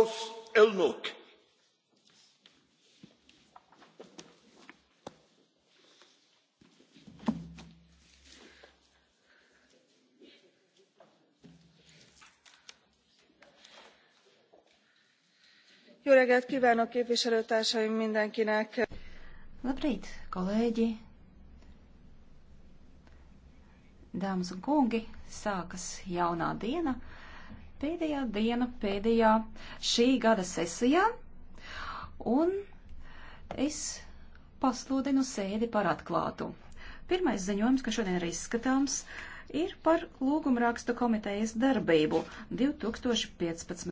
klaus elnök! jó reggelt kvánok képviselőtársaim mindenkinek! labrīt kolēģi! dāmas un kungi! sākas jaunā diena pēdējā diena, pēdējā šī gada sesijā, un es pasludinu sēdi par atklātu. Pirmais ziņojums, kas šodien ir izskatāms, ir par lūgumrakstu komitejas darbību 2015.